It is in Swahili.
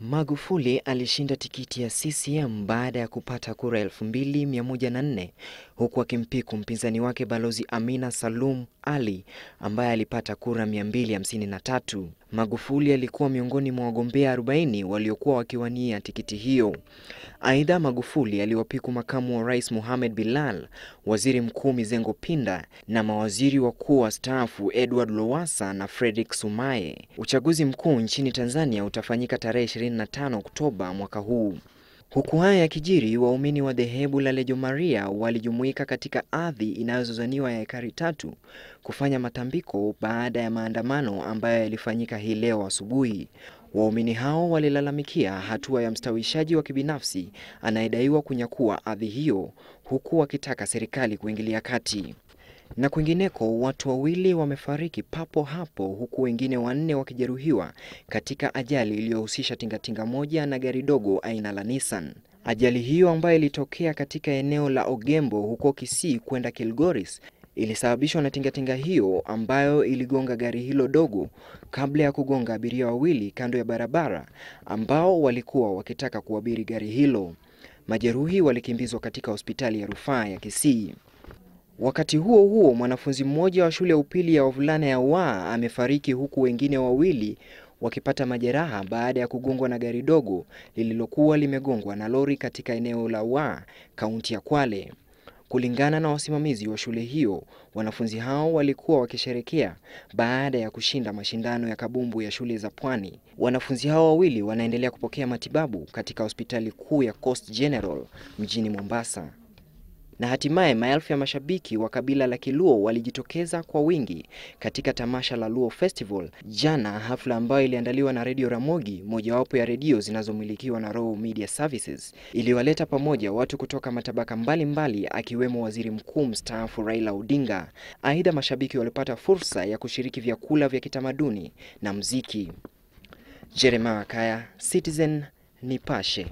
Magufuli alishinda tikiti ya CCM baada ya kupata kura 2104 huku akimpiku mpinzani wake Balozi Amina Salum Ali ambaye alipata kura 253. Magufuli alikuwa miongoni mwa wagombea 40 waliokuwa wakiwania tikiti hiyo. Aidha, Magufuli aliwapiku makamu wa rais Mohamed Bilal, waziri mkuu Mizengo Pinda na mawaziri wakuu wastaafu Edward Lowassa na Frederick Sumaye. Uchaguzi mkuu nchini Tanzania utafanyika tarehe 25 Oktoba mwaka huu. Huku haya yakijiri, waumini wa dhehebu la lejo Maria walijumuika katika ardhi inayozozaniwa ya ekari tatu kufanya matambiko baada ya maandamano ambayo yalifanyika hii leo asubuhi. Waumini hao walilalamikia hatua ya mstawishaji wa kibinafsi anayedaiwa kunyakua ardhi hiyo, huku wakitaka serikali kuingilia kati. Na kwingineko watu wawili wamefariki papo hapo huku wengine wanne wakijeruhiwa katika ajali iliyohusisha tingatinga moja na gari dogo aina la Nissan. Ajali hiyo ambayo ilitokea katika eneo la Ogembo huko Kisii kwenda Kilgoris ilisababishwa na tingatinga hiyo ambayo iligonga gari hilo dogo kabla ya kugonga abiria wawili kando ya barabara ambao walikuwa wakitaka kuabiri gari hilo. Majeruhi walikimbizwa katika hospitali ya rufaa ya Kisii. Wakati huo huo, mwanafunzi mmoja wa shule ya upili ya wavulana ya Waa amefariki huku wengine wawili wakipata majeraha baada ya kugongwa na gari dogo lililokuwa limegongwa na lori katika eneo la Waa, kaunti ya Kwale. Kulingana na wasimamizi wa shule hiyo, wanafunzi hao walikuwa wakisherekea baada ya kushinda mashindano ya kabumbu ya shule za pwani. Wanafunzi hao wawili wanaendelea kupokea matibabu katika hospitali kuu ya Coast General mjini Mombasa na hatimaye maelfu ya mashabiki wa kabila la Kiluo walijitokeza kwa wingi katika tamasha la Luo Festival jana, hafla ambayo iliandaliwa na Radio Ramogi, mojawapo ya redio zinazomilikiwa na Raw Media Services, iliwaleta pamoja watu kutoka matabaka mbalimbali mbali, akiwemo waziri mkuu mstaafu Raila Odinga. Aidha, mashabiki walipata fursa ya kushiriki vyakula vya kitamaduni na muziki. Jeremiah Kaya, Citizen Nipashe.